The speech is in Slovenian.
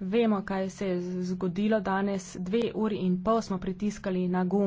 Vemo, kaj se je zgodilo danes. Dve uri in pol smo pritiskali na gum.